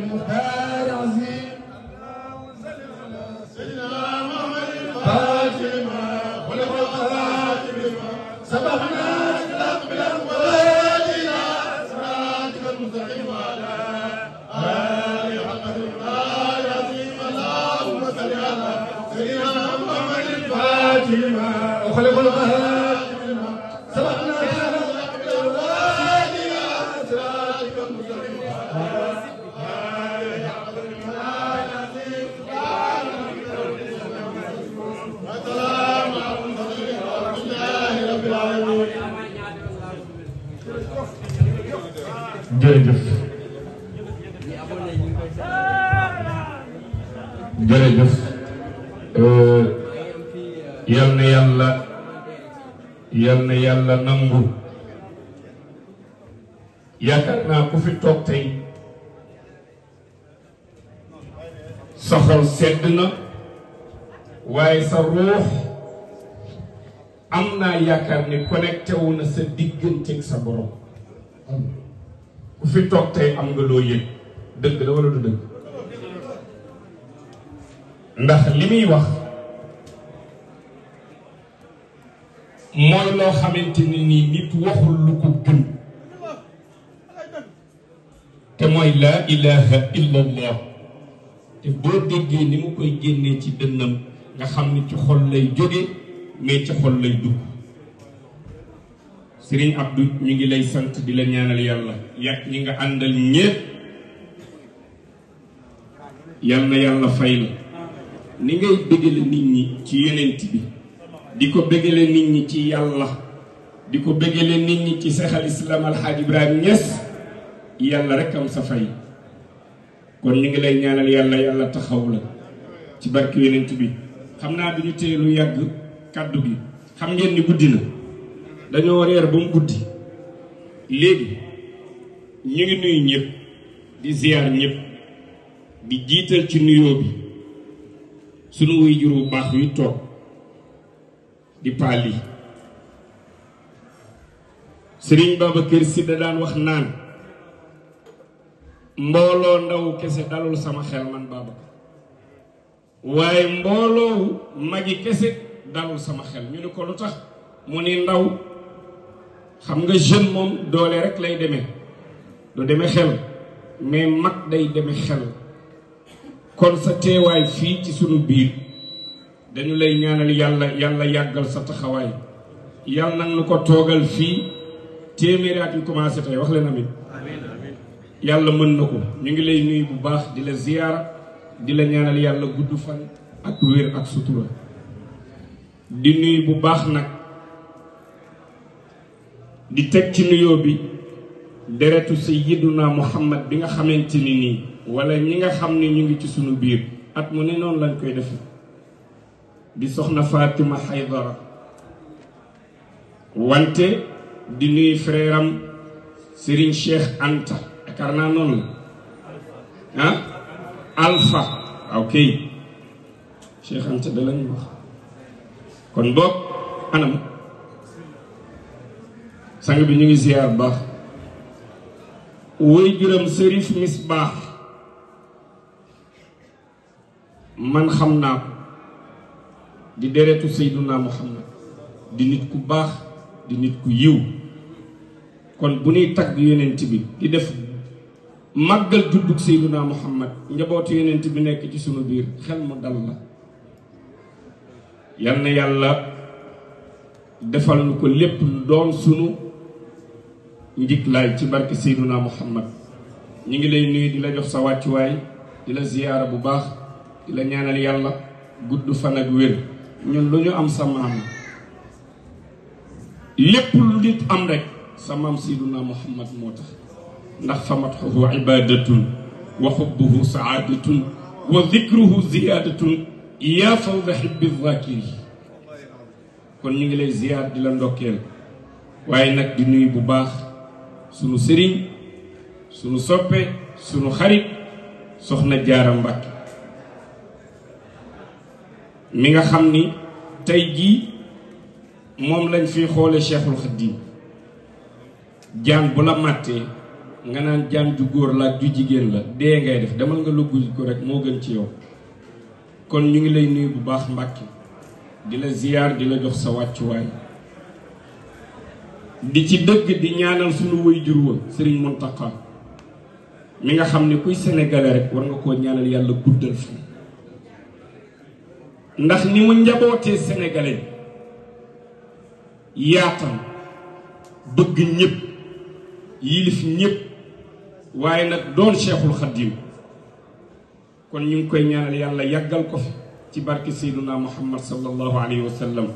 Thank you. sa xol sedd na waaye sa ruux am naa yaakaar ni connecté wu na sa digganteeg sa borom ku fi toog tey am nga loo yëg dëgg la wala du dëgg ndax li muy wax mooy loo xamante ni nii nit waxul lu ko gën te mooy laa ilaha illa allah te boo déggee ni mu koy génnee ci dënnam nga xam ni ci xol lay jóge mais ci xol lay dugg Sëriñ Abdou ñu ngi lay sant bi la ñaanal yàlla yàq ñi nga àndal ñépp yal na yàlla fay la ni ngay bëggale nit ñi ci yonent bi di ko bëggale nit ñi ci yàlla di ko bëggale nit ñi ci Seex al Islaam Alxaaj Ibrahima Ñas yàlla rek am sa fay kon ñu ngi lay ñaanal yàlla yàlla taxaw la ci barke yonent bi xam naa bi ñu lu yàgg kàddu bi xam ngeen ni guddi na dañoo reer ba mu guddi léegi ñu ngi nuyu ñëpp di ziar ñëpp di jiital ci nuyoo bi sunu wuy jur bu baax wi toog di paali Serigne Babacar Sy da daan wax naan mbooloo ndaw kese dalul sama xel man Babacar waaye mbooloowu magi kese dalul sama xel ñu ne ko lu tax mu ni ndaw xam nga jeune moom doole rek lay demee du deme xel mais mag day demee xel kon sa teewaay fii ci sunu biir dañu lay ñaanal yàlla yàlla yàggal sa taxawaay yàlla nag ñu ko toogal fii téeméeri at yu commencé tey wax leen amit yàlla mën na ko ñu ngi lay nuyu bu baax di la ziyaara di la ñaanal yàlla gudd fan ak wér ak sutura di nuyu bu baax nag di teg ci nuyoo bi deretu sayyiduna muhammad bi nga xamante ni nii wala ñi nga xam ni ñu ngi ci sunu biir at mu ne noonu lañ koy def di soxna Fatima Haydara wante di nuyu frère am Serigne Anta Karena ah alpha ok Cheikh akan da lañ wax kon bok anam sang bi ñu ngi ziar juram serif misbah man xam di deretu sayyiduna muhammad di nit ku di nit ku kon bu ñuy tagg di def màggal juddug Seyduna Muhammad njabootu yonent bi nekk ci sunu biir xel mu dal la na yàlla defal nu ko lépp lu doon sunu njiglaay ci barke Seyduna Muhammad ñu ngi lay nuyu di la jox sa wàccuwaay di la ziyaara bu baax di la ñaanal yàlla gudd fan ak wér ñun lu ñu am sa maam lépp lu nit am rek sa maam Seyduna Muhammad moo tax ndax fa matxuhu ibadatun wa xubbuhu saadatun wa dikruhu ziyadatun yaa fawda xibbi zakiri kon ñu ngi lay ziyaar di la ndokkeel waaye nag di nuyu bu baax sunu sëriñ sunu soppe sunu xarit soxna jaara mbàkke mi nga xam ni tey jii moom lañ fi xoole cheikhul xaddim jaan bu la màttee nga naan jaam ju góor la ak ju jigéen la dee ngay def demal nga lugg ko rek moo gën ci yow kon ñu ngi lay nuyu bu baax Mbàkke di la ziyaar di jox sa wàccuwaay di ci dëgg di ñaanal suñu waajur wa Sëriñ Mountakha mi nga xam ni kuy sénégalais rek war nga koo ñaanal yàlla guddal fi ndax ni mu njabootee sénégalais yaatal bëgg ñëpp yilif ñëpp waye nak doon cheikhul khadim kon ñu koy ñaanal yàlla yagal ko fi ci barki sayyiduna muhammad sallallahu alayhi wa sallam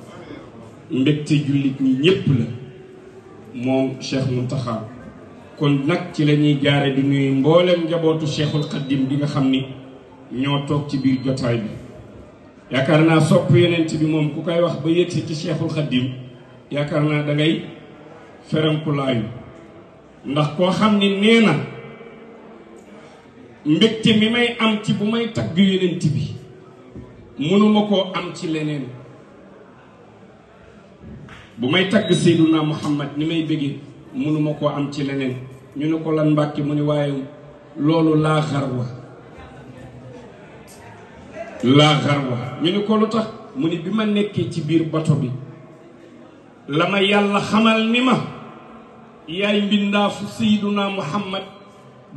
mbégte jullit ñi ñépp la mom cheikh muntaha kon nak ci lañuy jaare di nuyu mboolem njabootu cheikhul khadim bi nga xamni ni ñoo toog ci biir jotay bi yakarna sopp yenen ci bi mom ku koy wax ba yexi ci cheikhul khadim yakarna da ngay ferankulay ndax ko xamni neena mbégte bi may am ci bu may tagg yonent bi mënuma koo am ci leneen bu may tagg Seyduna Muhammad ni may bëggee mënuma koo am ci leneen ñu ne ko lan mbàkke mu ne waaye loolu laa xarwa laa xarwa ñu ne ko lu tax mu ne bi ma nekkee ci biir bato bi la ma yàlla xamal ni ma yaay mbindaafu Seyduna Muhammad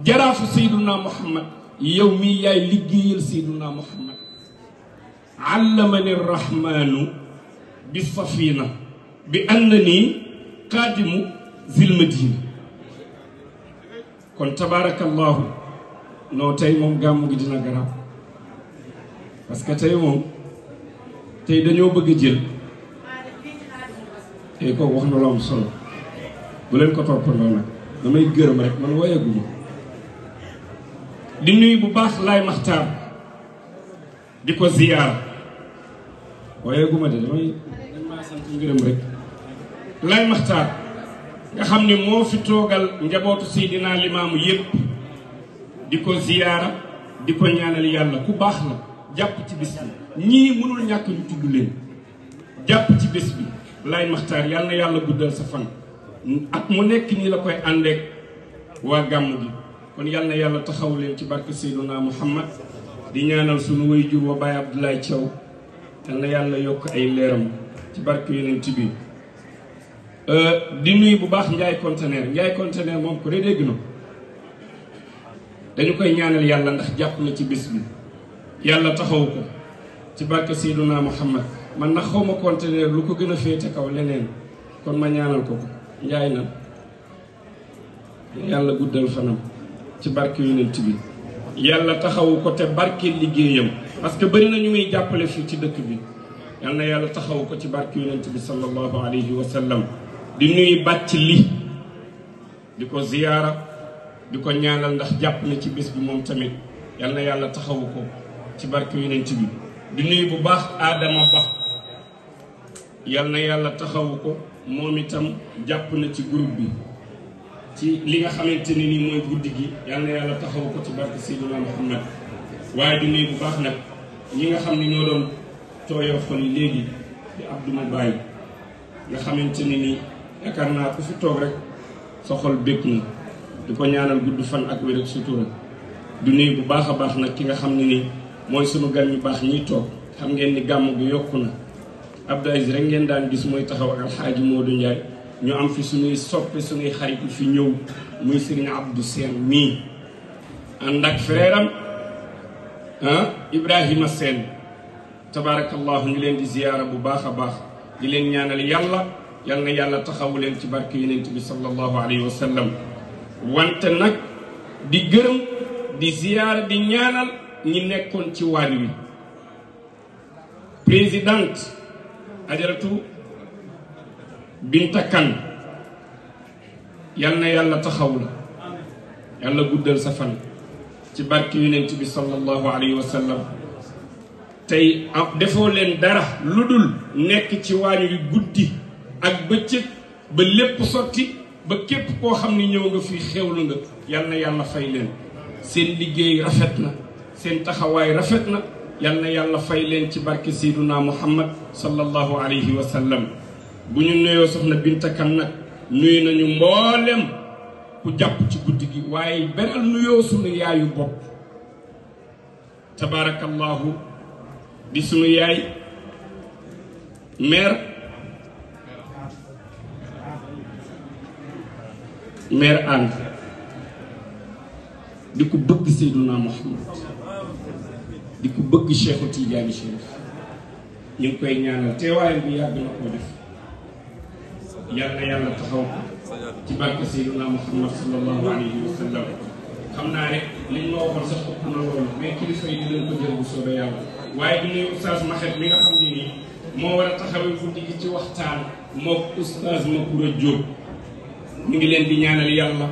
jaraafu sayduna muhammad yow mii yaay liggéeyal sayduna muhammad allamani rahmaanu bi safina bi annani qaadimu zilmadina kon tabaarakallahu noo tey moom gàmmu gi dina garaaw parce que tey moom tey dañoo bëgg a jël tey kooku wax na am solo bu leen ko toppandoo nag damay gërëm rek man woyaguma di nuyu bu baax laay maxtaar di ko ziyaar waaye guma de damay dañ nga xam ni moo fi toogal njabootu Seydina Limaamu yépp di ko ziyaara di ko ñaanal yàlla ku baax la jàpp ci bis bi ñii mënul ñàkk ñu tudd leen jàpp ci bis bi laay maxtaar yàlla na yàlla guddal sa fan ak mu nekk nii la koy àndeek waa gàmm gi kon yàlla na yàlla taxawu leen ci barke Seydouna Muhammad di ñaanal suñu waajur wa Baye Abdoulaye Thiaw yal na yàlla yokk ay leeram ci barke Yonent bi euh, di nuyu bu baax Ndiaye Conteneur Ndiaye Conteneur koy ñaanal yàlla ndax ci bis yàlla taxaw ko ci barke Seydouna Muhammad man na xaw ma Conteneur lu ko gën a féete kaw leneen kon ma ñaanal ko ko Ndiaye na yàlla guddal fanam ci barke yonent bi yàlla taxawu ko te barke liggéeyam parce que bëri na ñu muy jàppale fii ci dëkk bi yal na yàlla taxawu ko ci barke yonent bi sallallahu alayhi wa sallam di nuy bàcc li di ko ziyaara di ko ñaanal ndax jàpp na ci bis bi moom tamit yal na yàlla taxawu ko ci barke yonent bi di nuy bu baax aadama ba yal na yàlla taxawu ko moom itam jàpp na ci groupe bi ci li nga xamante ni nii mooy guddi gi yal na yàlla taxaw ko ci barke Seydina Muhammad waaye du bu baax nag ñi nga xam ne ñoo doon tooyoo xol léegi di Abdou Mbaye nga xamante ni nii yaakaar naa ku fi toog rek sa xol bépp na di ko ñaanal gudd fan ak wér ak sutura du nuyu bu baax a baax nag ki nga xam ni nii mooy sunu gan yu baax ñuy toog xam ngeen ni gàmm gi yokku na Abdou Aziz rek ngeen daan gis mooy taxaw ak moo du Ndiaye ñu am fi suñuy soppe suñuy xarit yu fi ñëw muy Serigne Abdou Sène mii ànd ak frère am ah Ibrahima Sène tabarakallahu ñu leen di ziyaara bu baax a baax di leen ñaanal yàlla yal na yàlla taxawu leen ci barke yonent bi sallallahu alayhi wa sallam wante nag di gërëm di ziyaara di ñaanal ñi nekkoon ci waar wi présidente ajaratu Binta Kan yal na yàlla taxaw la yàlla guddal sa fan ci barke yonent bi sallallahu alayhi wa sallam tey ah, defoo leen dara lu dul nekk ci waañ wi guddi ak bëccëg ba lépp sotti ba képp koo xam ne ñëw nga fii xewlu nga yal yàlla fay leen seen liggéey rafet na seen taxawaay rafet na yal na yàlla fay leen ci barke Seyduna Muhammad sallallahu alayhi wa sallam bu ñu nuyoo soxna Binta Kan nag nuyu nañu mboolem ku jàpp ci guddi gi waaye beral nuyoo sunu yaayu bopp tabaarakallaahu di sunu yaay mère mère Anne di ko bëgg Seyduna Muhammad di ko bëgg Cheikhu Tijaani Chérif ñu ngi koy ñaanal teewaayam bi yàgg na koo def yàlla yàlla taxaw ci barke Seydina Muhammad sallallahu alayhi wa xam naa rek liñ ma waxoon sax ëpp na loolu mais kilifa yi dinañ ko jël bu soobee yàlla waaye di nuyu oustaz Maxet mi nga xam ne nii moo war a taxawee guddi gi ci waxtaan mook oustaz Makoura Diop ñu ngi leen di ñaanal yàlla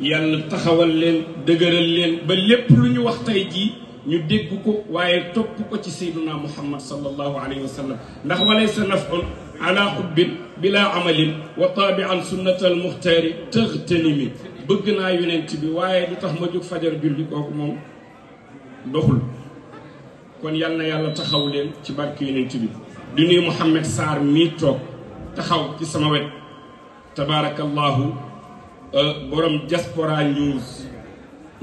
yàlla taxawal leen dëgëral leen ba lépp lu ñu wax tey jii ñu dégg ko waaye topp ko ci Seydina Muhammad sallallahu alayhi wa sallam ndax walay sa nafoon ala xubbin bila amalin wa taabian sunnatal muxtaari tëxtanimi bëgg naa yonent bi waaye du tax ma jóg fajar julli kooku moom doxul kon yal na yàlla taxaw leen ci barke yonent bi du nuy Mouhamed Sarr mii toog taxaw ci sama wet tabaarakallaahu euh, borom diaspora news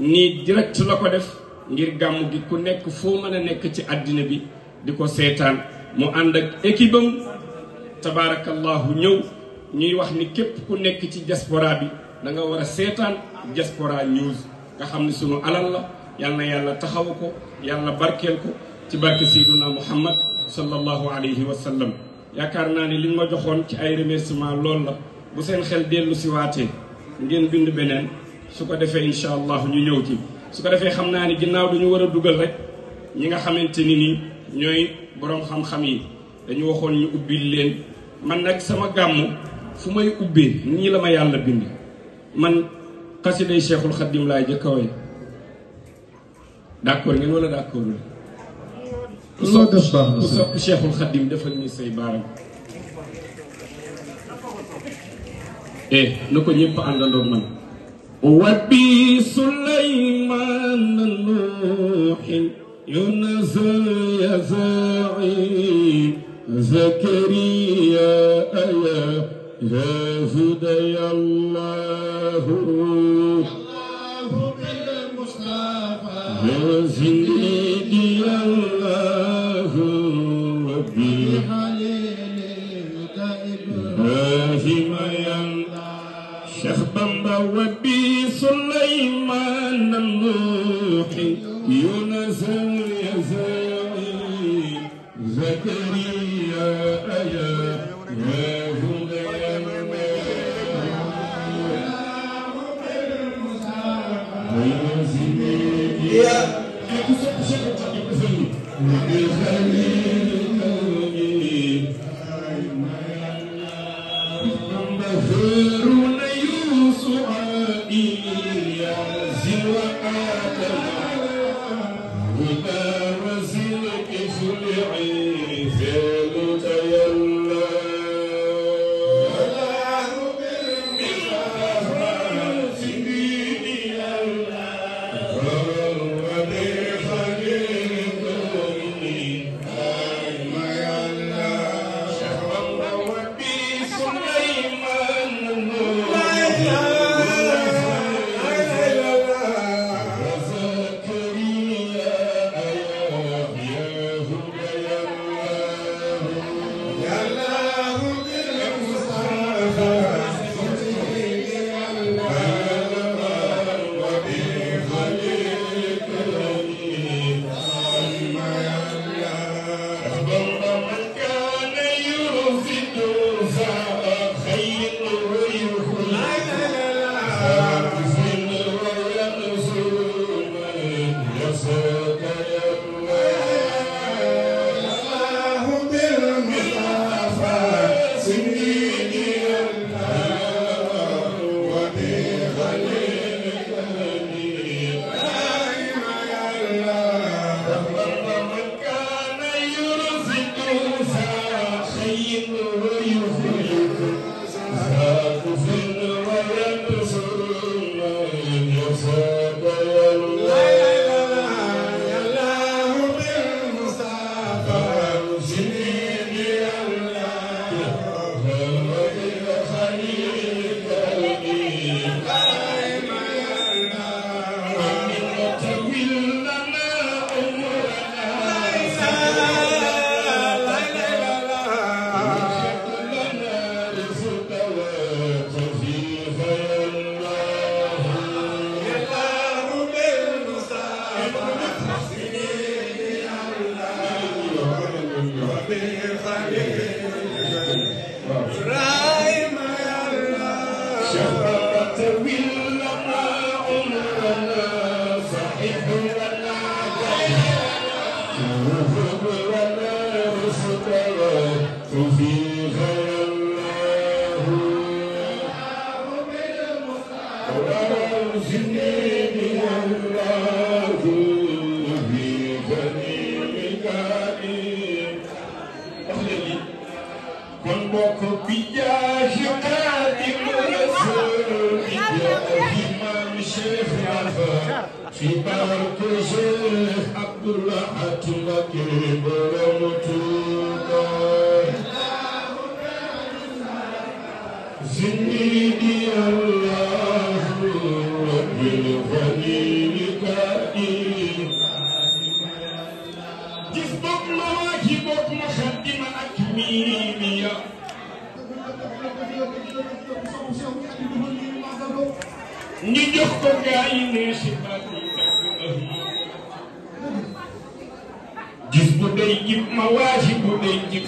nii direct la ko def ngir gàmm gi ku nekk foo mën a nekk ci àddina bi di ko seetaan mu ànd ak équipe tabaarakallahu ñëw ñuy wax ni képp ku nekk ci diaspora bi da nga war a seetaan diaspora news nga xam ne sunu alal la yal na yàlla taxaw ko yàlla barkeel ko ci barke sayyiduna muhammad sallallahu alayhi wa sallam yaakaar naa ne liñ ma joxoon ci ay remerciement loolu la bu seen xel dellu si waatee ngeen bind beneen su ko defee incha allah ñu ñëw ci su ko defee xam naa ni ginnaaw dañu war a dugal rek ñi nga xamante ni nii ñooy boroom xam-xam yi dañu waxoon ñu ubbi leen man nag sama gàmm fu may ubbee nii la ma yàlla bind man xasiday Cheikhul Khadim laay jëkk a woy ngeen wala d'accord ku sopp ku sopp Cheikhul Khadim defal ñu say baaram eh na ko ñëpp àndandoo man وبي سليمان نوح ينزل يزاعي زكريا أيا يا الله الله بالمصطفى يا الله ربي يا الله شيخ وبي سليمان النوحي يونس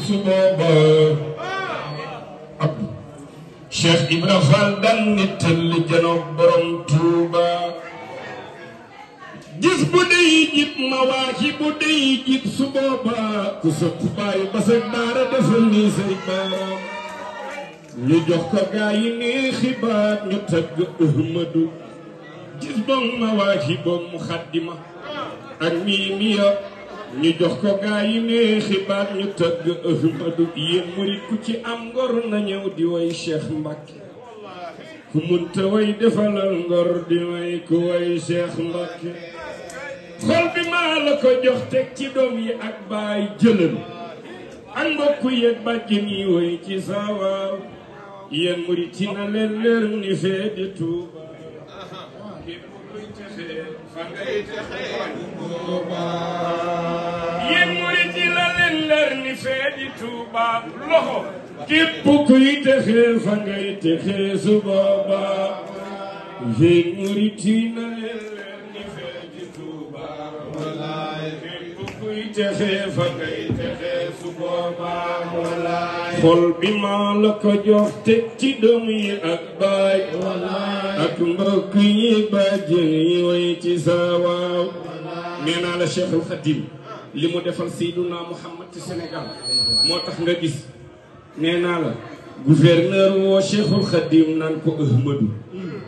suma ba abdu cheikh ibra fall dan nittal li janoog borom bu dey ma waaxi bu dey ku sëkk bàyyi ba sa daara defal nii say baaraam ñu ko gaa yi xibaar ñu tagg ahmadu gis boog ma waaxi mu xaddima ak ñu jox ko gaa yi ne xibaar ñu tëgg ahmadu yéen murit ku ci am ngor na di woy cheikh mbàkke ku munta way defalal ngor di way ku way cheikh mbàkke xol bi maa la ko jox teg ci doom yi ak baay jëlal ak mbokku yeeg bàjjen yi way ci saawaaw yéen murit ci na leen leer ni fee di tuuba yéen murit yi la leen leer ni fee di Tuuba loxo képp kuy texee fa ngay texee su booba yéen murit yi la leen leer kuy texe fa ngay texe su boobaa bi maa la ko jox teg ci doom yi ak baay walaay ak mbokk yi bàjjen yi ci sa waaw nee naa la Cheikhul Khadim li mu defal Seydina Mouhamad ci Sénégal moo tax nga gis nee naa la gouverneur woo Cheikhul Khadim naan ko Ahmadou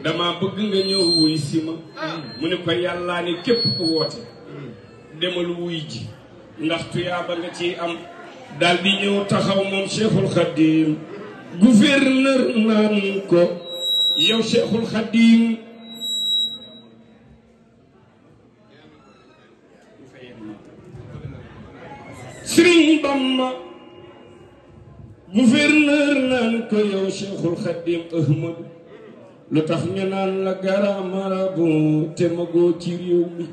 dama bëgg nga ñëw wuy si ma mu ne ko yàllaa ne képp woote demal wuy ji ndax tuyaaba nga ciy am daal di ñëw taxaw moom cheikhul xadim gouverneur naan ko yow cheikhul xadim ahmadu lu tax ñu naan la garamarabu te magoo ci réew mi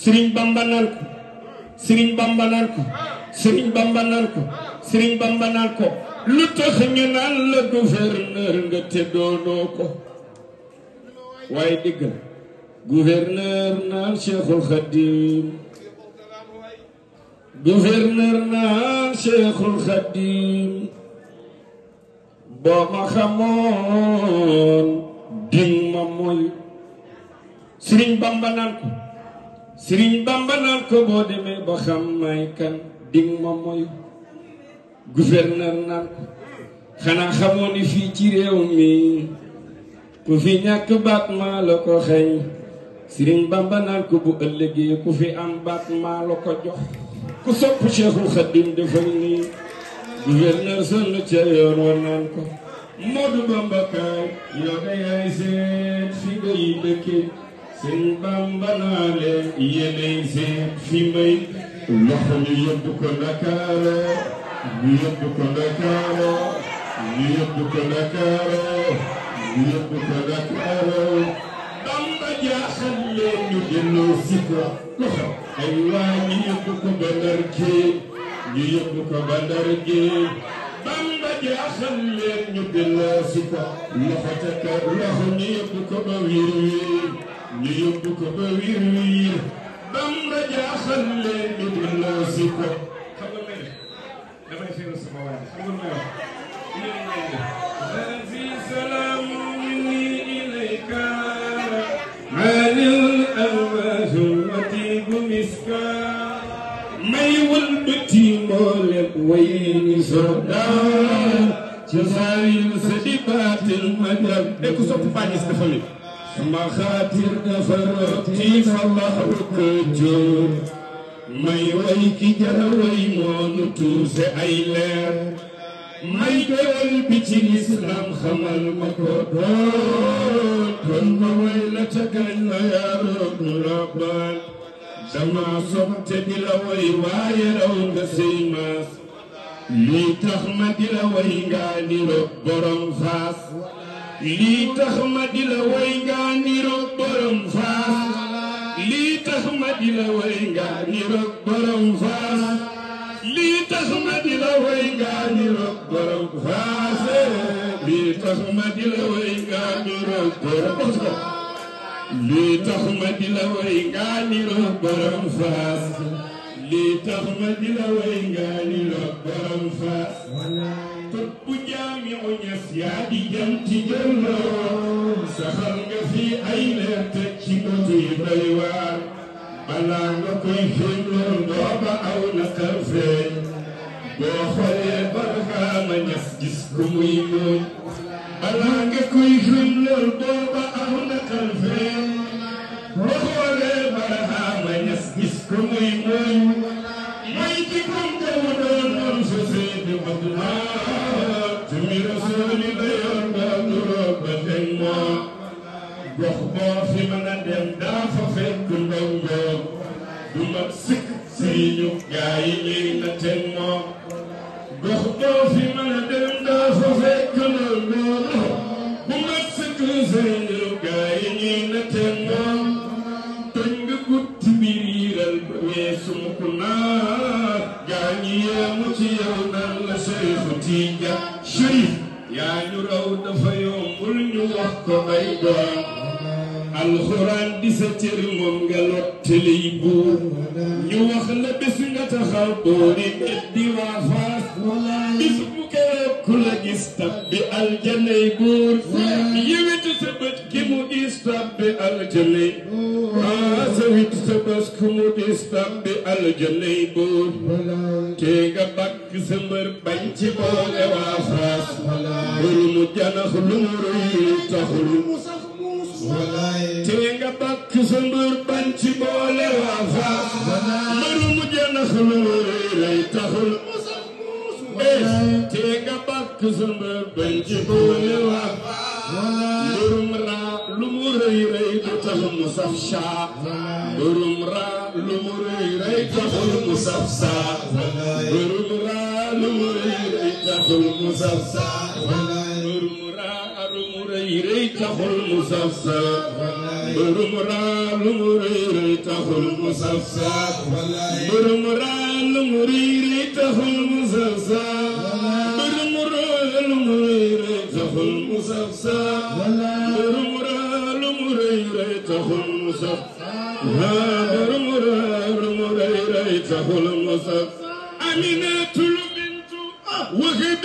sëriñ bamba naan ko sëriñ bamba naan ko sëriñ bamba ko sëriñ bamba ko lu tax ñu naan la gouverneur nga te doonoo ko waaye dégg gouverneur naan cheikhul xadim gouverneur naan cheikhul xadim boo ma xamoon ding ma mooy sëriñ bamba ko sëriñ Bamba naan ko boo demee ba xam may kan ding ma moyu gouverneur naan ko xanaa xamoo ni fii ci réew mi ku fi ñàkk baat maa la ko xeeñ sëriñ Bamba naan ko bu ëllëgee ku fi am baat maa la ko jox ku sopp Cheikhul Khadim defal nii gouverneur sonn ca naan ko Modou Bamba kaay yow yaay seet fi ngay dëkkee sëñ Bamba naa leen yéenay fi may loxo ñu yóbbu ko Ndakaaru ñu yóbbu ko Ndakaaru ñu yóbbu ko Ndakaaru ñu yóbbu ko Ndakaaru Bamba jaaxal ko loxo ay waa ko ba Ndar Géej ñu ko ba Ndar Géej Bamba ko ba Wiir Wiir ñu yóbbu ko ba wiir wiir Bamba jaaxal leen ñu delloo si ko xam nga mel damay feeru sama waay xam nga may wax ñoom ñooy def man fi salaamu minni ilayka maanil amwaajul watiibu miska may wëlbati mboolem waye ñi sodaa maxaatir defaroot tii na laxu këccoor may way ki jara way moonu tuuse ay leer may dool bi ci lislaam xamal ma ko doon kon ma way la ca kañ la yaa roog rabbal dama sopp te di la way waaye raw nga sey maas lii tax ma di la way ngaa ni roog borom xaas lii tax ma di la way ngaa niroog borom faas lii tax ma di la way ngaa niroog borom faas lii tax ma di la way ngaa niroog borom faas lii tax ma di la way ngaa niroog borom faas lii tax ma di la way ngaa niroog borom faas lii tax ma di la way ngaa niroog borom faas bu jaamiu ñas yaa di janti jëlloo saxal nga fi ay leer teg ci bëtu yi doy waar balaa nga koy xéemloo ndoo ba aw naqar feeñ boo xoolee barxaama ñas gis lu muy mooñ balaa nga koy xéemloo ndoo ba aw naqar feeñ boo xoolee barxaama ñas gis lu muy mooñ him mu janax lu mu rëy taxul te nga bakk sa mbër lu mu rëy taxul eh, te nga bakk lu mu lu mu rëy rëy taxul mu saf saa lu mu rëy rëy taxul mu rëy rëy taxul mu saf saaf. mbërum raa lu mu rëy rëy taxul mu saf saaf. mbërum raa lu mu rëy rëy taxul mu saf saaf. mbërum raa lu mu rëy rëy taxul mu saf saaf. mbërum raa lu mu rëy rëy taxul mu saf. mbërum raa lu mu rëy rëy taxul mu saf. Aminatul bintu Wahab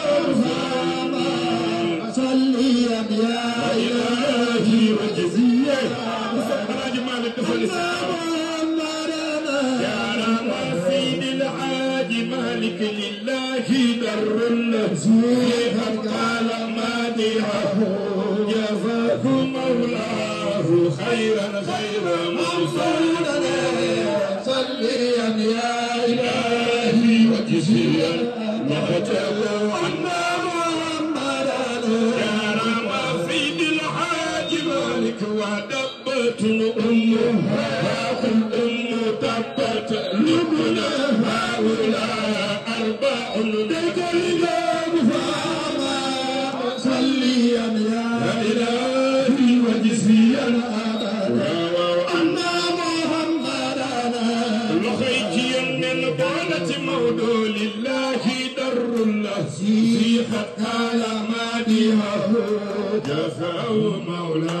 لله در النزول قال مادحه جزاكم مولاه خيرا خيرا مرسلا صليا يا الهي وجزيا وجزوا عنا محمدا يا رب في الحاج مالك ودبت الامه فاقم ام تبت حلدك الإمام فأما صليا يا إلهي وجزيا أنا محمدنا لخيجيا من قولة مولو لله در الله حتى لا ماديها جزاء مولاه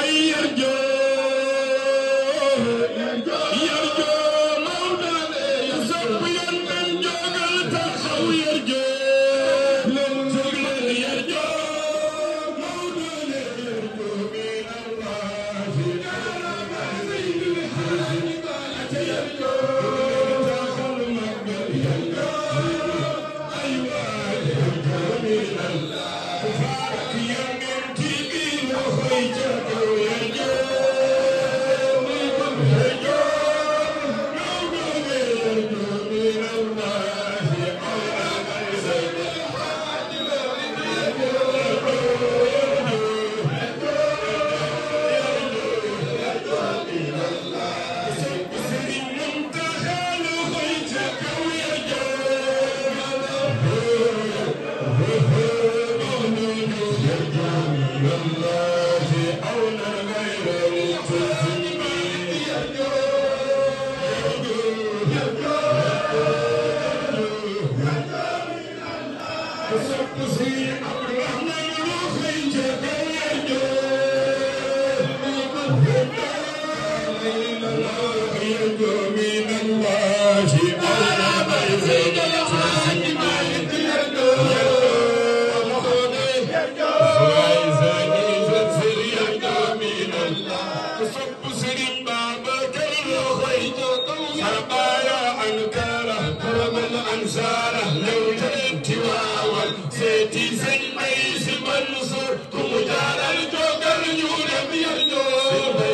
Ayyar jo خبايا أنكارة كرم الأنصار لو تأتوا والسيتي سنبيس منصور تمجال الجوكر يورب يرجو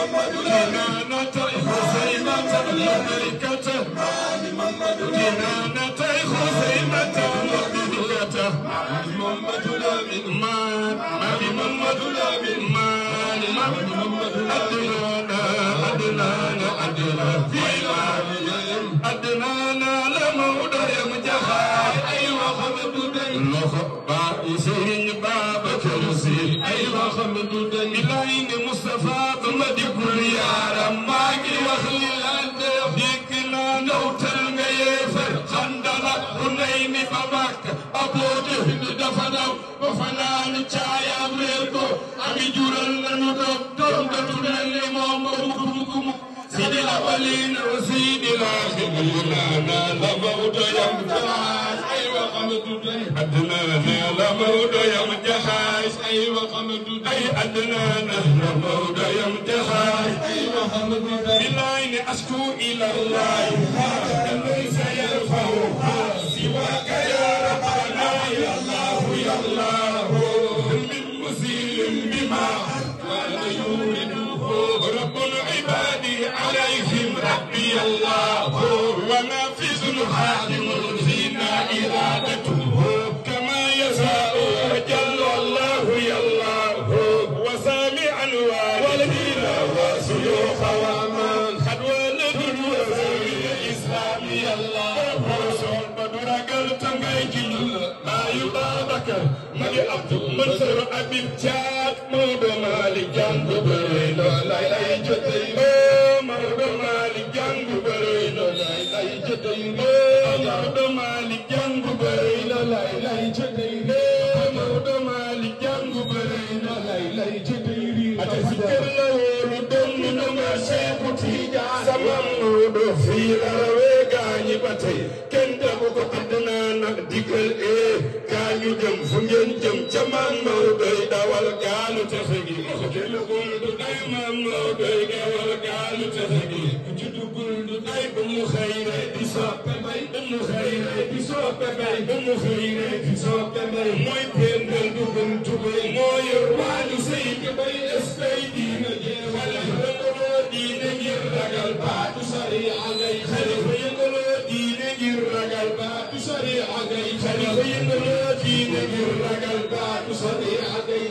محمد دينانا تاريخ خيمة المملكة علي محمد دينانا تاريخ خيمة المملكة علي محمد لا من مان علي محمد لا من مان علي محمد أدنانا أدنانا أدنانا أدنانا لمودة يمجحا أيوة خبر دودين الله خبر إسهي ngi jural nanu toog toog nga tuddal li moom ba mukk mukk mukk si di la walin si di la si di la na la ma uto yam jaxaas ay wa xam tuddal adna na la ma uto yam jaxaas ay wa xam tuddal ay adna na la ma uto yam jaxaas ay wa xam tuddal billahi ni asku ila allah ha kan laysa yarfahu Mbacke ma ngi Abdou Mansour Habib Thiat Maodo Malick jàng bëri lool lay lay jotee mboo oh, Maodo Malick jàng bëri lool lay lay jotee mboo oh, Maodo Malick jàng bëri lool lay lay jotee mboo oh, Maodo Malick jàng bëri lool lay lay jotee mboo ate si kër la wóolu doom na ma Seexu Tijaan sama Maodo fii la rawee gaañi ba tey kenn dabu ko àdduna nag digal ñu jëm fu ngeen jëm ca maam Maodoy dawal gaalu tase gi ku ci duggul du day maam Maodoy dawal gaalu tase gi ku ci duggul du day bu mu xëyre di soppe bay bu mu xëyre di soppe bay bu mu xëyre di soppe bay mooy pendal dugum tubay moo yor waalu sëy bay espay diina jee wala rëkkaloo diina ngir ragal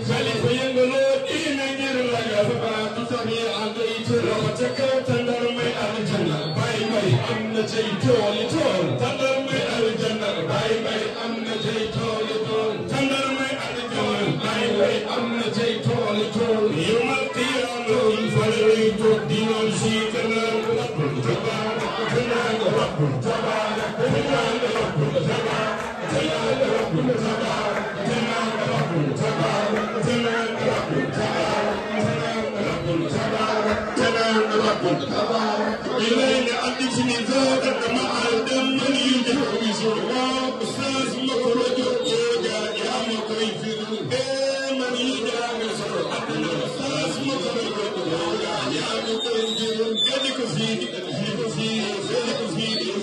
xalifa yëngaloo indi na ngir la nga sabaa du sabi ànd it loxo ca kaw tandar may aljanna bàyyi may am na cay tooli tool tandar may aljanna bàyyi may am na cay tooli tool tandar may aljanna bàyyi may am na cay tooli tool yomal qiyaamam falay toog dinoon si kanam rabbul tabaarak tanaag rabbul tabaarak tanaag rabbul tabaarak tanaag rabbul الليلة عندي في في في